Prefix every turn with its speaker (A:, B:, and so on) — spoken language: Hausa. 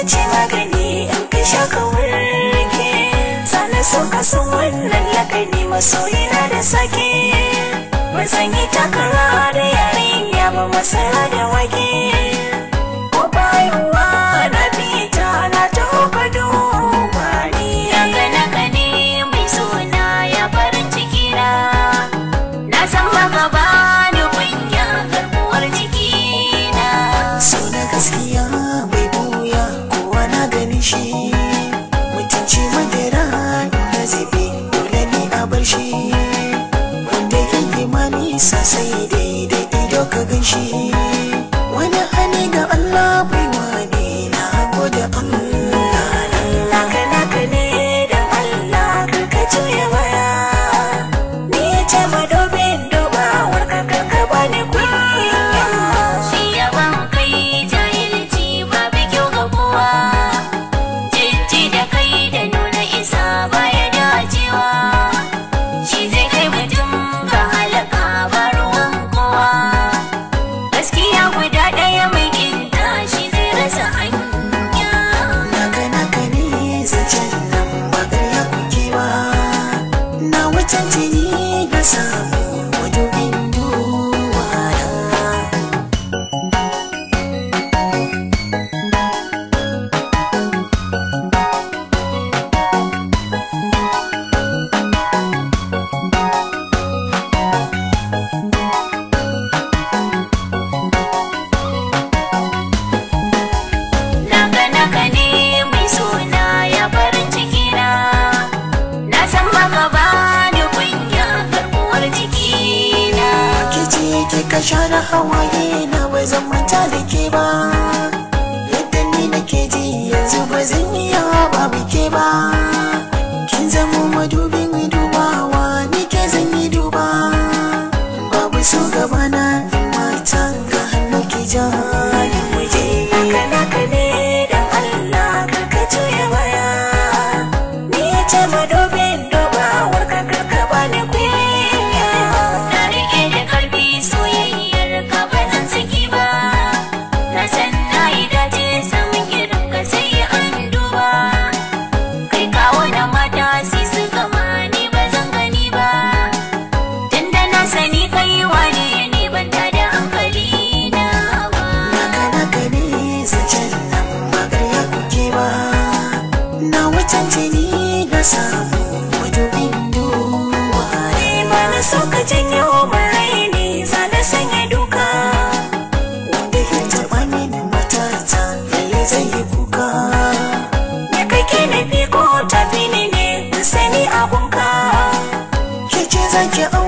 A: ita ce magani in ka sha ka sana so ka san wannan lakani masoyina da sake ban san yi takara da yarinya ba masara da wake sa sai daidai ido ka gan shi ka hawaye na ba zan manta da your own